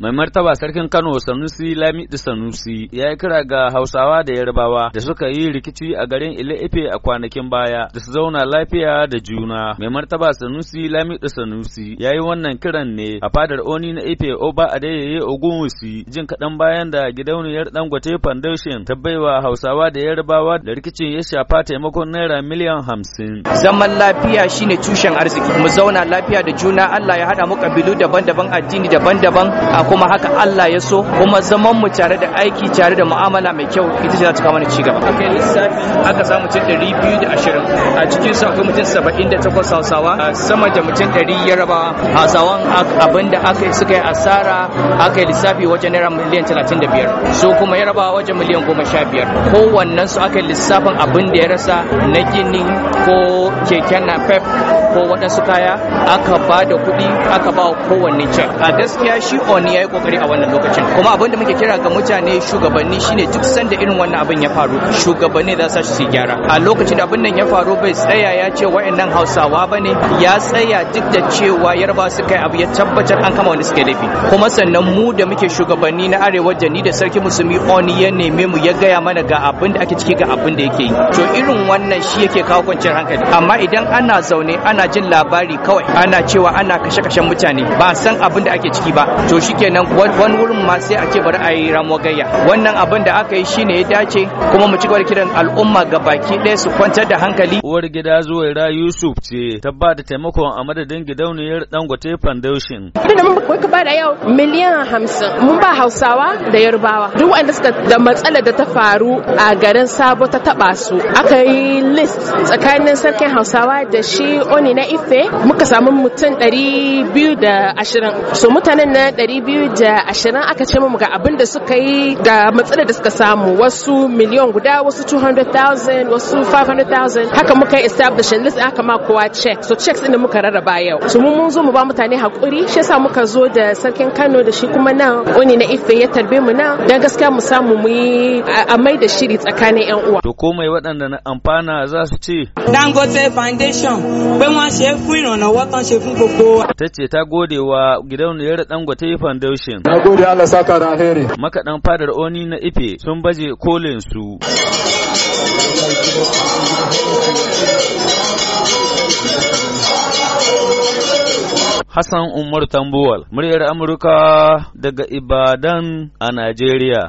Mai martaba sarkin Kano Sanusi Lamidi Sanusi ya yi kira ga Hausawa da Yarbawa da suka yi rikici a garin Ile-Ife a kwanakin baya da su zauna lafiya da juna. Mai martaba Sanusi Lamidi Sanusi ya yi wannan kiran ne a fadar Oni na Ife Oba Adeyeye Ogunwusi jin kaɗan bayan da gidauniyar Dangote Foundation ta baiwa Hausawa da Yarbawa da rikicin ya shafa taimakon naira miliyan hamsin. Zaman lafiya shine tushen arziki. Mu zauna lafiya da juna Allah ya haɗa mu kabilu daban-daban addini daban-daban kuma haka Allah ya so kuma zaman mu tare da aiki tare da mu'amala mai kyau ita ce za ta kawo ni ci gaba aka lissafi aka samu mutum 220 a cikin su akwai mutum 78 hausawa sama da mutum 100 yarabawa hausawan abinda aka suka yi asara aka yi lissafi wajen naira miliyan 35 su kuma yarabawa wajen miliyan 15 kowannen su aka yi lissafin abin da ya rasa na gini ko keken na pep ko waɗansu kaya aka ba da kuɗi aka ba kowanne cek a gaskiya shi oni ya yi kokari a wannan lokacin kuma abin da muke kira ga mutane shugabanni shine duk sanda irin wannan abin ya faru shugabanni za su su gyara a lokacin da abin nan ya faru bai tsaya ya ce wa'annan hausawa ba ne ya tsaya duk da cewa yarba su kai abu ya tabbatar an kama wanda suke laifi kuma sannan mu da muke shugabanni na arewa da ni da sarki musulmi oni ya neme mu ya gaya mana ga abin da ake ciki ga abin da yake yi to irin wannan shi yake kawo kwanciyar hankali amma idan ana zaune ana jin labari kawai ana cewa ana kashe-kashen mutane ba san abin da ake ciki ba to shi shikenan wani wurin ma sai a ce bari a yi ramuwar gayya wannan abin da aka yi shine ya dace kuma mu ci gaba kiran al'umma ga baki ɗaya su kwantar da hankali uwar gida zuwaira yusuf ce ta ba da taimakon a madadin gidauniyar dangote foundation tunda mun ka ba yau miliyan hamsin mun ba hausawa da yarbawa duk wanda suka da matsalar da ta faru a garin sabo ta taba su aka yi list tsakanin sarkin hausawa da shi oni na ife muka samu mutum 220 so mutanen na ashirin aka ce mu ga abin da suka yi da matsalar da suka samu wasu miliyan guda wasu 200,000 wasu 500,000 haka muka yi establishing list aka ma kowa check so checks din muka rarraba yau so mun mun zo mu ba mutane hakuri shi yasa muka zo da sarkin Kano da shi kuma nan oni na Ife ya tarbe mu nan dan gaskiya mu samu mu yi a mai da shiri tsakanin yan uwa to komai waɗanda na amfana za su ce Dangote Foundation pé wọ́n ṣe fún ìrànlọ́wọ́ tán ṣe fún gbogbo ta ce ta gode wa gidauniyar Dangote Foundation Daushin. Na gode Allah saka da alheri. Makaɗan fadar Oni na Ife sun baje kolin su. Hassan Umar Tambuwal, muryar Amurka daga Ibadan a Najeriya.